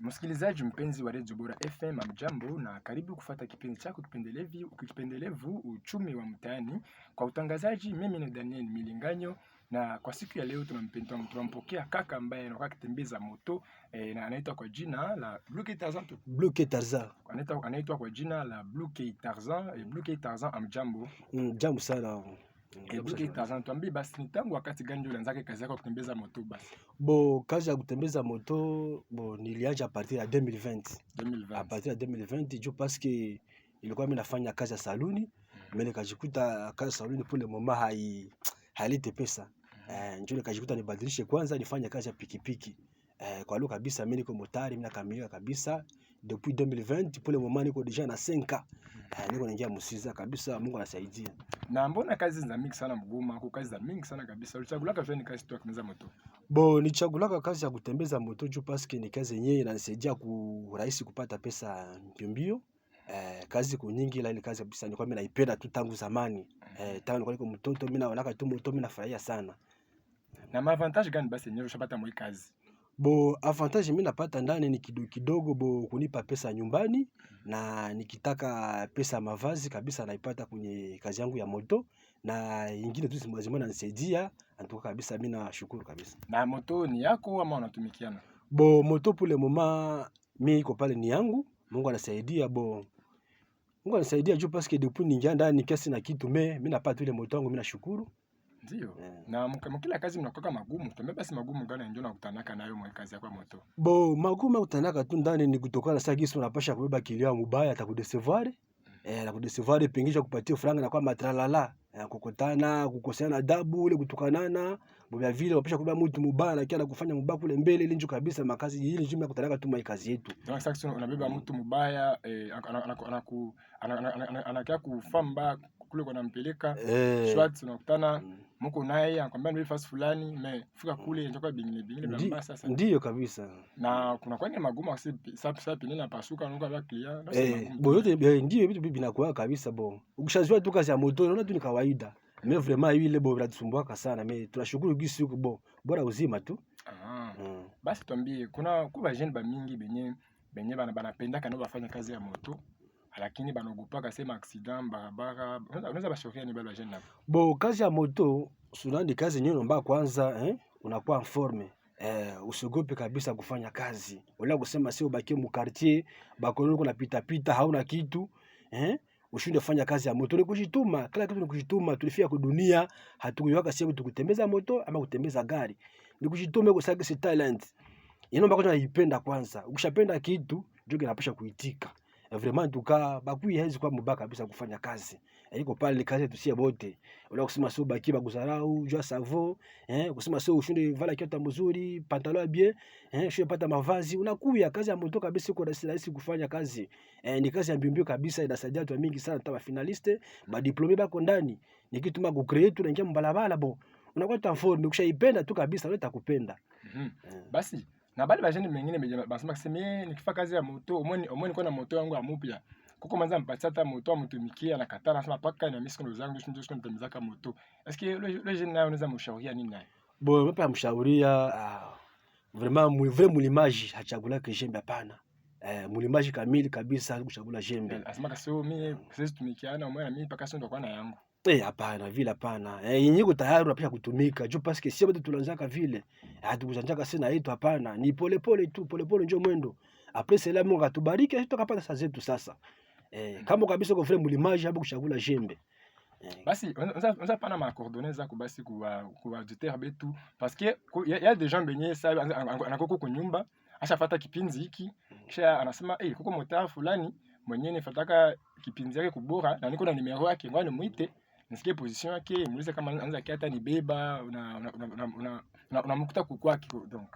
Msikilizaji mpenzi wa redio Bora FM, amjambo na karibu kufata kipindi chako kipendelevu uchumi wa mtaani. Kwa utangazaji, mimi ni Daniel Milinganyo na kwa siku ya leo tunampenda tunampokea kaka ambaye anakuwa akitembeza moto e, na anaitwa kwa jina la Blue K Tarzan, Blue Tarzan. anaitwa anaitwa kwa jina la Blue K Tarzan. Eh, Blue K Tarzan, amjambo? Mm, jambo sana. Eh, basi ni tangu wakati gani ndio kazi yako kutembeza moto basi? Bo, kazi ya kutembeza moto bo nilianja a partir ya 2020. 2020. A partir ya 2020 juu paske ilikuwa mimi nafanya kazi ya saluni, mm. mimi nikajikuta kazi ya saluni pole mama hai hailete pesa. Hmm. Eh, njoo nikajikuta nibadilishe kwanza nifanye kazi ya pikipiki. Eh, kwa lugha kabisa mimi niko motari, mimi nakamilika kabisa depuis 2020 pole mama niko deja na 5 eh, niko naingia musiza kabisa, Mungu anasaidia. Na mbona kazi za mingi sana mguma, kwa kazi za mingi sana kabisa. Ulichagulaka kazi tu moto? Bo, nichagulaka kazi ya kutembeza moto juu paske ni kazi yenyewe inanisaidia kupata pesa mbio Eh, kazi nyingi ile kazi kabisa nilikuwa mimi naipenda tu tangu zamani. Eh, tangu nilikuwa niko mtoto mimi tu moto mimi nafurahia sana. Na gani basi yenyewe ushapata kazi? Bo avantage mi napata ndani ni kidogo kidogo bo kunipa pesa nyumbani na nikitaka pesa mavazi kabisa naipata kwenye kazi yangu ya moto na ingine tu na nisaidia antuka kabisa mi nashukuru kabisa. Na moto ni yako ama unatumikiana? Bo moto pule moma mi iko pale ni yangu, Mungu anasaidia bo Mungu anasaidia juu paske depuis ningia ndani nikiwa sina kitu me mi napata ile moto yangu mi nashukuru Ndiyo. Eh. Na mukila kazi mnakuweka magumu, tuambie basi magumu gani ndio unakutanaka nayo mwe kazi yako moto? Bo, magumu nakutanaka tu ndani ni kutokana saa gisi unapasha kubeba kilio mubaya atakudesevuare. Mm. Eh, anakudesevuare pengisha kupatia furanga na kwa matralala. Eh, Kukutana, kukoseana adabu, ule kutukanana. Mbona vile unapasha kubeba mtu mubaya na kia anakufanya mubaya kule mbele ili njoo kabisa makazi hili njoo mnakutanaka tu mwe kazi yetu. Ndio sasa unabeba mtu mubaya, eh, anakia kufaa mbaya kule kuna mpeleka eh, Schwartz unakutana mm. mko naye anakwambia ni fast fulani me mm. kule nitakuwa bingine bingine bla bla. Sasa ndio kabisa, na kuna kwani magoma sapi sapi nini napasuka nuka vya clear eh, bo yote eh, ndio vitu binakuwa kabisa. Bo ukishazua tu kazi ya moto unaona tu ni kawaida me vraiment ile bo vinatusumbua sana me tunashukuru gisi huko bo bora uzima tu. Ah, mm. Basi tuambie kuna kuba jeune ba mingi benye benye bana banapenda kana bafanya kazi ya moto lakini banogopaka sema accident barabara, unaweza bashoria ni balo ajene nabo bo. Kazi ya moto Sudan kazi nyinyi nomba kwanza eh, unakuwa en eh, usiogope kabisa kufanya kazi. Wala kusema sio ubakie mu quartier bakoni uko napita pita hauna kitu eh, ushinde kufanya kazi ya moto. Ni kila kitu ni Tulifia kwa dunia hatukuyoka sehemu tukutembeza moto ama kutembeza gari. Ni kwa sababu si talent. Yeye yaani kwanza ipenda kwanza. Ukishapenda kitu, ndio kinapasha kuitika vraiment tuka bakui haizi kwa mubaya kabisa kufanya kazi eh, iko pale kazi tusie bote ula kusema sio baki bakuzarau jua savo eh kusema sio ushinde vala kiota mzuri pantalon bien eh shule pata mavazi unakuya kazi ya moto kabisa iko rahisi rahisi kufanya kazi eh, ni kazi ya mbimbio kabisa inasaidia watu mingi sana hata finaliste ba diplome bako ndani ni kitu ma create tunaingia mbalabala bo unakuwa tu forme tu kabisa unaweza kupenda mm -hmm. eh. basi na bali bajeni mengine basema simi eh, nikifa kazi ya moto omoni omoni kwa na moto yangu ya mupya kuko manza mpatia hata moto amtumikie anakataa anasema paka na mimi siku zangu ndio ndio nitamzaka kama moto eske leo jeune naye unaweza mshauria nini naye bon mimi mshauria ah, vraiment mu vrai mulimaji hachagula ke jembe hapana eh, mulimaji kamili kabisa mshagula jembe anasema eh, kasi mimi sisi tumikiana omoni na mimi paka sio ndo kwa na yangu Eh, hapana vile hapana. Eh, yenyewe tayari pia kutumika. Jo parce que si bado tunaanzaka vile. Ah, tukuzanjaka sina yetu hapana. Ni pole pole tu, pole pole ndio mwendo. Après cela Mungu atubariki na tutapata saa zetu sasa. Eh, mm. kama kabisa kwa frame mlimaji hapo kushakula jembe. Eh. Basi unza pana ma coordonnées za kubasi kwa euh, kwa auditeur betu parce que il y a des gens benye ça anakoko kunyumba ashafata kipinzi hiki mm. kisha anasema eh, hey, kuko motaa fulani mwenyewe nifataka kipinzi yake kubora na niko na nimero yake ngoja nimuite nisikie position yake, muulize kama anza kiata ni beba unamkuta una, una, una, una, una kukwaki donc